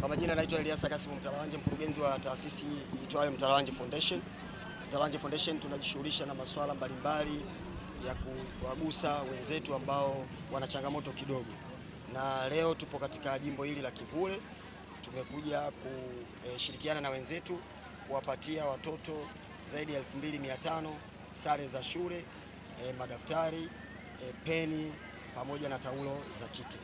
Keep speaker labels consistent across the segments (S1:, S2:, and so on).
S1: Kwa majina naitwa Elias Kasimu Mtalawanje, mkurugenzi wa taasisi iitwayo Mtalawanje Foundation. Mtalawanje Foundation tunajishughulisha na masuala mbalimbali ya kuwagusa wenzetu ambao wana changamoto kidogo, na leo tupo katika jimbo hili la Kivule. Tumekuja kushirikiana eh, na wenzetu kuwapatia watoto zaidi ya 2500 sare za shule, eh, madaftari, eh, peni pamoja na taulo za kike.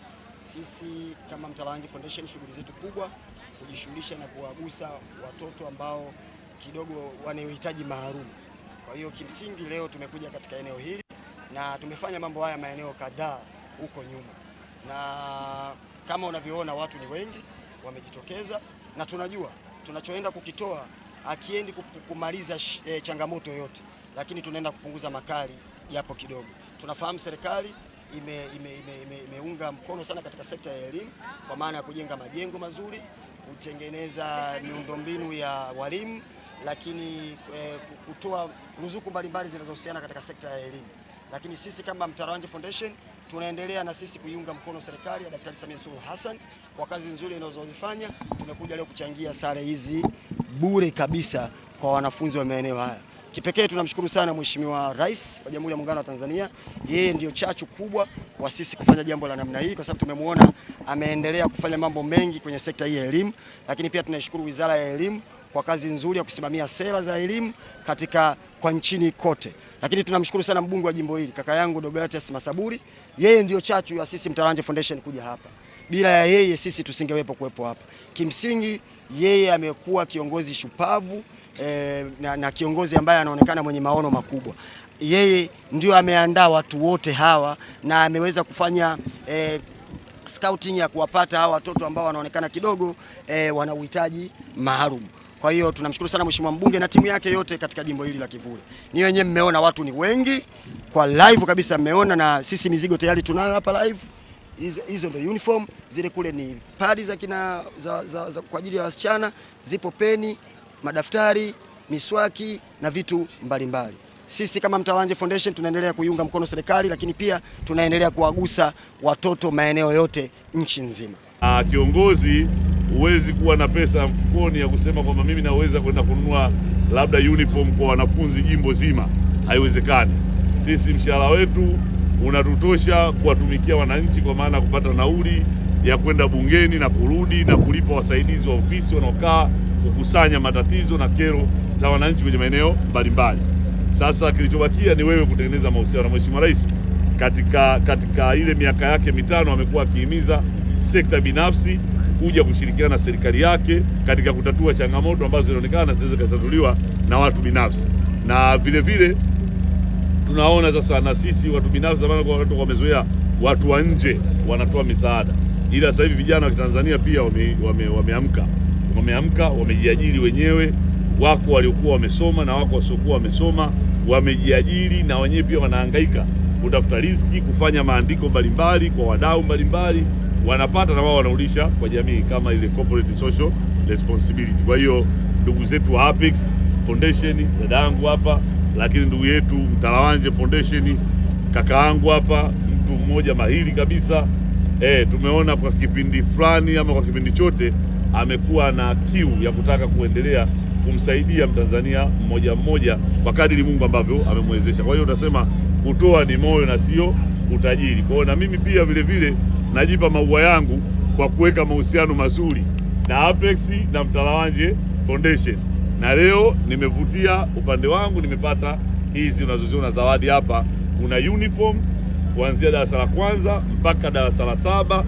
S1: Sisi kama Mtaalawanji Foundation shughuli zetu kubwa kujishughulisha na kuwagusa watoto ambao kidogo wanayohitaji maalum. Kwa hiyo kimsingi leo tumekuja katika eneo hili na tumefanya mambo haya maeneo kadhaa huko nyuma, na kama unavyoona watu ni wengi wamejitokeza, na tunajua tunachoenda kukitoa akiendi kumaliza eh, changamoto yote, lakini tunaenda kupunguza makali yapo kidogo. Tunafahamu serikali imeunga ime, ime, ime, mkono sana katika sekta ya elimu kwa maana ya kujenga majengo mazuri, kutengeneza miundombinu ya walimu, lakini eh, kutoa ruzuku mbalimbali zinazohusiana katika sekta ya elimu. Lakini sisi kama Mtarawanje Foundation tunaendelea na sisi kuiunga mkono serikali ya Daktari Samia Suluhu Hassan kwa kazi nzuri inazozifanya. Tumekuja leo kuchangia sare hizi bure kabisa kwa wanafunzi wa maeneo haya. Kipekee tunamshukuru sana Mheshimiwa Rais wa Jamhuri ya Muungano wa Tanzania. Yeye ndio chachu kubwa wa sisi kufanya jambo la namna hii, kwa sababu tumemwona ameendelea kufanya mambo mengi kwenye sekta hii ya elimu, lakini pia tunaishukuru Wizara ya Elimu kwa kazi nzuri ya kusimamia sera za elimu katika kwa nchini kote, lakini tunamshukuru sana mbunge wa jimbo hili kaka yangu Deogratias Masaburi. Yeye ndio chachu ya sisi Mtaranje Foundation kuja hapa bila ya yeye sisi tusingewepo kuwepo hapa. Kimsingi yeye amekuwa kiongozi shupavu eh, na, na kiongozi ambaye anaonekana mwenye maono makubwa. Yeye ndio ameandaa watu wote hawa na ameweza kufanya eh, scouting ya kuwapata hawa watoto ambao wanaonekana kidogo eh, wana uhitaji maalum. Kwa hiyo tunamshukuru sana mheshimiwa mbunge na timu yake yote katika jimbo hili la Kivule. Ni wenyewe mmeona watu ni wengi kwa live kabisa, mmeona na sisi mizigo tayari tunayo hapa live. Hizo ndio uniform, zile kule ni padi za kina za, za, za, kwa ajili ya wasichana, zipo peni madaftari, miswaki na vitu mbalimbali mbali. Sisi kama Mtalanje Foundation tunaendelea kuiunga mkono serikali, lakini pia tunaendelea kuwagusa watoto maeneo yote nchi nzima.
S2: Ah, kiongozi huwezi kuwa na pesa mfukoni ya kusema kwamba mimi naweza kwenda kununua labda uniform kwa wanafunzi jimbo zima, haiwezekani. Sisi mshahara wetu unatutosha kuwatumikia wananchi, kwa maana ya kupata nauli ya kwenda bungeni na kurudi na kulipa wasaidizi wa ofisi wanaokaa kukusanya matatizo na kero za wananchi kwenye maeneo mbalimbali. Sasa kilichobakia ni wewe kutengeneza mahusiano na Mheshimiwa Rais katika, katika ile miaka yake mitano amekuwa akihimiza sekta binafsi kuja kushirikiana na serikali yake katika kutatua changamoto ambazo zinaonekana zinaweza kutatuliwa na watu binafsi, na vile vile tunaona sasa na sisi watu binafsi, zamani watu wamezoea watu wa nje wanatoa misaada, ila sasa hivi vijana wa Tanzania pia wameamka wame, wame wameamka, wamejiajiri wenyewe, wako waliokuwa wamesoma na wako wasiokuwa wamesoma, wamejiajiri na wenyewe pia wanahangaika kutafuta riziki, kufanya maandiko mbalimbali kwa wadau mbalimbali, wanapata na wao wanarudisha kwa jamii, kama ile corporate social responsibility. Kwa hiyo ndugu zetu wa Apex Foundation, dada yangu hapa lakini ndugu yetu Mtalawanje Foundation, kaka yangu hapa, mtu mmoja mahiri kabisa. E, tumeona kwa kipindi fulani ama kwa kipindi chote amekuwa na kiu ya kutaka kuendelea kumsaidia Mtanzania mmoja mmoja kwa kadiri Mungu ambavyo amemwezesha. Kwa hiyo unasema kutoa ni moyo na sio utajiri. Kwa hiyo na mimi pia vile vile najipa maua yangu kwa kuweka mahusiano mazuri na Apex na Mtalawanje Foundation, na leo nimevutia upande wangu, nimepata hizi unazoziona zawadi hapa. Kuna uniform kuanzia darasa la kwanza mpaka darasa la saba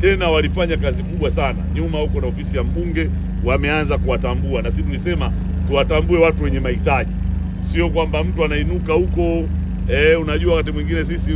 S2: tena walifanya kazi kubwa sana nyuma huko, na ofisi ya mbunge wameanza kuwatambua, na sisi tulisema tuwatambue watu wenye mahitaji, sio kwamba mtu anainuka huko e, unajua wakati mwingine sisi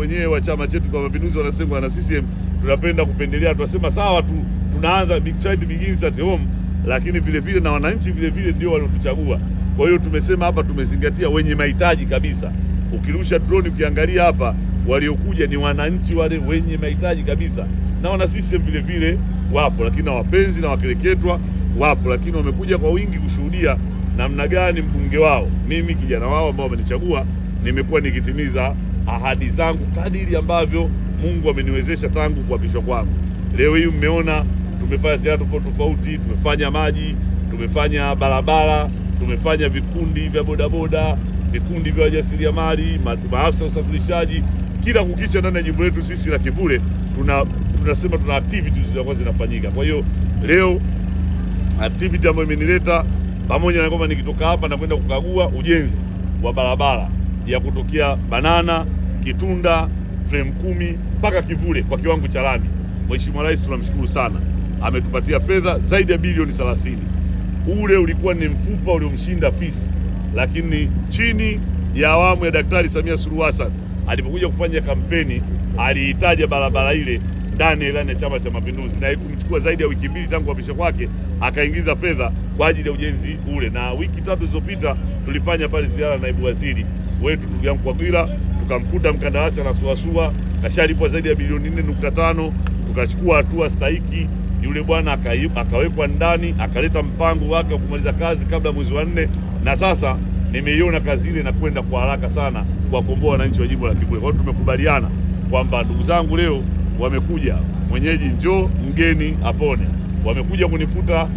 S2: wenyewe wa chama chetu kwa mapinduzi wanasema na CCM tunapenda kupendelea, tunasema sawa tu, tunaanza big child begins at home, lakini vile vile na wananchi vile vile ndio waliotuchagua. Kwa hiyo tumesema hapa tumezingatia wenye mahitaji kabisa. Ukirusha drone ukiangalia hapa waliokuja ni wananchi wale wenye mahitaji kabisa na wana vile vile wapo, lakini na wapenzi na wakereketwa wapo, lakini wamekuja kwa wingi kushuhudia namna gani mbunge wao, mimi kijana wao ambao wamenichagua, nimekuwa nikitimiza ahadi zangu kadiri ambavyo Mungu ameniwezesha tangu kuapishwa kwangu. Leo hii mmeona tumefanya ziara tofauti tofauti, tumefanya maji, tumefanya barabara, tumefanya vikundi vya bodaboda, vikundi vya wajasiriamali, maafisa usafirishaji. Kila kukicha ndani ya jimbo letu sisi la Kivule tuna tunasema tuna activity zilizokuwa zinafanyika. Kwa hiyo leo activity ambayo imenileta pamoja na kwamba nikitoka hapa na kwenda kukagua ujenzi wa barabara ya kutokea Banana Kitunda frame kumi mpaka Kivule kwa kiwango cha lami. Mheshimiwa Rais tunamshukuru sana, ametupatia fedha zaidi ya bilioni 30. Ule ulikuwa ni mfupa uliomshinda fisi, lakini chini ya awamu ya Daktari Samia Suluhu Hassan alipokuja kufanya kampeni aliitaja barabara ile ndani ya ilani ya Chama cha Mapinduzi, na ikumchukua zaidi ya wiki mbili tangu kuapishwa kwake akaingiza fedha kwa ajili ya ujenzi ule. Na wiki tatu zilizopita tulifanya pale ziara naibu waziri wetu ndugu yangu Kwagwila, tukamkuta mkandarasi anasuasua, kashalipwa zaidi ya bilioni nne nukta tano. Tukachukua hatua stahiki, yule bwana akawekwa ndani, akaleta mpango wake wa kumaliza kazi kabla mwezi wa nne, na sasa nimeiona kazi ile inakwenda kwa haraka sana kuwakomboa wananchi wa jimbo la Kibwe. Kwa hiyo tumekubaliana kwamba ndugu zangu, leo wamekuja, mwenyeji njoo, mgeni apone. Wamekuja kunifuta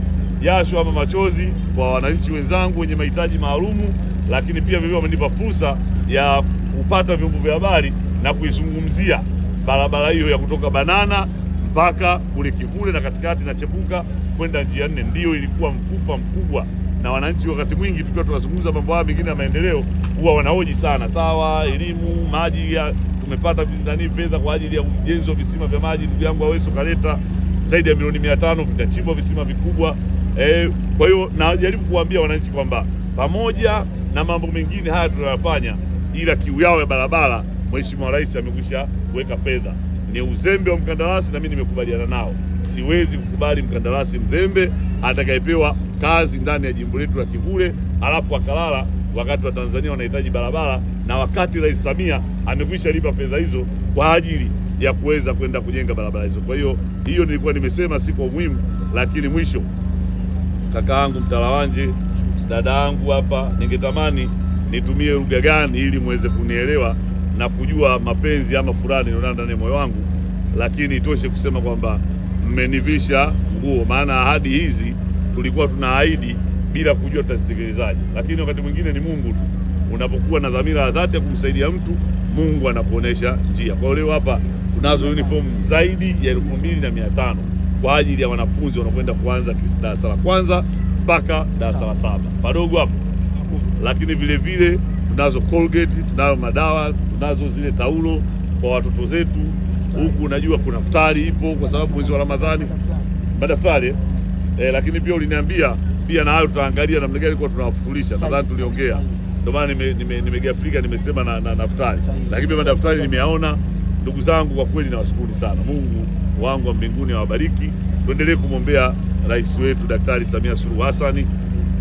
S2: jasho ama machozi kwa wananchi wenzangu wenye mahitaji maalumu, lakini pia vile wamenipa fursa ya kupata vyombo vya habari na kuizungumzia barabara hiyo ya kutoka Banana mpaka kule Kivule na katikati na Chepuka kwenda njia nne, ndiyo ilikuwa mfupa mkubwa na wananchi wakati mwingi tukiwa tunazungumza mambo haya mengine ya maendeleo huwa wanahoji sana, sawa, elimu, maji ya tumepata nani fedha kwa ajili ya ujenzi wa visima vya maji. Ndugu yangu Aweso kaleta zaidi ya milioni mia tano vitachimbwa visima vikubwa e. Kwa hiyo najaribu kuwaambia wananchi kwamba pamoja na mambo mengine haya tunayofanya, ila kiu yao ya barabara Mheshimiwa Rais amekwisha kuweka fedha. Ni uzembe wa mkandarasi na mimi nimekubaliana nao. Siwezi kukubali mkandarasi mzembe atakayepewa kazi ndani ya jimbo letu la Kivule alafu akalala wakati wa Tanzania wanahitaji barabara na wakati Rais Samia amekwisha lipa fedha hizo kwa ajili ya kuweza kwenda kujenga barabara hizo. Kwa hiyo hiyo nilikuwa nimesema si kwa umuhimu, lakini mwisho, kakaangu Mtalawanje, dada yangu hapa, ningetamani nitumie lugha gani ili muweze kunielewa na kujua mapenzi ama furaha nilionayo ndani ya moyo wangu, lakini itoshe kusema kwamba mmenivisha nguo, maana ahadi hizi tulikuwa tunaahidi bila kujua tutazitekelezaaje, lakini wakati mwingine ni Mungu tu. Unapokuwa na dhamira ya dhati ya kumsaidia mtu, Mungu anakuonesha njia. Kwa leo hapa tunazo uniform zaidi ya elfu mbili na mia tano kwa ajili ya wanafunzi wanaokwenda kuanza darasa la kwanza mpaka darasa la saba padogo hapo, lakini vile vile tunazo Colgate, tunayo madawa, tunazo zile taulo kwa watoto zetu huku. unajua kuna futari ipo kwa sababu mwezi wa Ramadhani madaftari eh, eh lakini pia uliniambia pia na hayo tutaangalia namna gani kwa tunawafundisha. Nadhani tuliongea, ndio maana nimegafirika, nimesema na, na daftari, lakini pia madaftari nimeyaona. Ndugu zangu, kwa kweli nawashukuru sana. Mungu wangu wa mbinguni awabariki. Tuendelee kumwombea rais wetu Daktari Samia Suluhu Hassani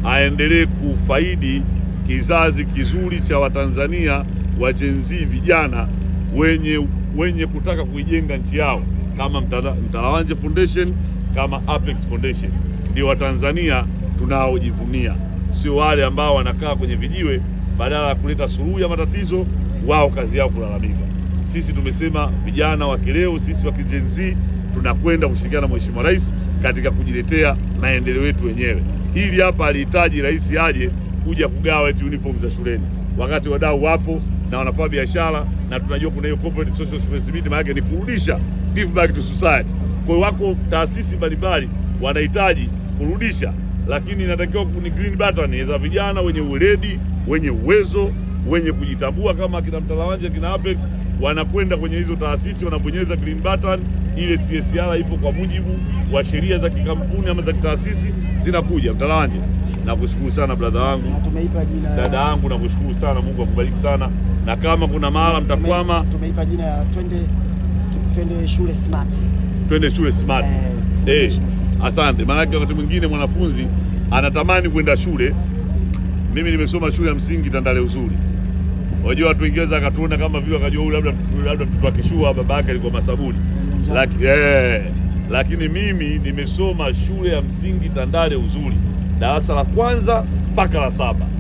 S2: aendelee kufaidi kizazi kizuri cha Watanzania wa Gen Z vijana wenye, wenye kutaka kuijenga nchi yao kama Mtalawanje Foundation kama Apex Foundation ndio Watanzania tunaojivunia, sio wale ambao wanakaa kwenye vijiwe, badala ya kuleta suluhu ya matatizo, wao kazi yao kulalamika. Sisi tumesema vijana wa kileo, sisi wa kijenzi tunakwenda kushirikiana na Mheshimiwa Rais katika kujiletea maendeleo yetu wenyewe. Hili hapa alihitaji rais aje kuja kugawa eti uniform za shuleni, wakati wadau wapo na wanafanya biashara na tunajua kuna hiyo corporate social responsibility, maana ni kurudisha give back to society. Kwa hiyo wako taasisi mbalimbali wanahitaji kurudisha lakini inatakiwa ni green button za vijana wenye uredi, wenye uwezo, wenye kujitambua kama kina Mtalawanje, kina Apex wanakwenda kwenye hizo taasisi wanabonyeza green button. Ile CSR ipo kwa mujibu wa sheria za kikampuni ama za kitaasisi zinakuja. Mtalawanje, nakushukuru sana brother wangu, dada yangu, nakushukuru sana. Mungu akubariki sana, na kama kuna mahala mtakwama,
S3: tumeipa jina ya twende, twende shule smart,
S2: twende shule smart eh hey, eh, asante. Maanake wakati mwingine mwanafunzi anatamani kwenda shule. Mimi nimesoma shule ya msingi Tandale uzuri, unajua watu Waingereza akatuona kama vile akajua huyu labda labda mtoto akishua baba yake alikuwa masabuni Laki, hey, eh, lakini mimi nimesoma shule ya msingi Tandale uzuri darasa la kwanza mpaka la saba.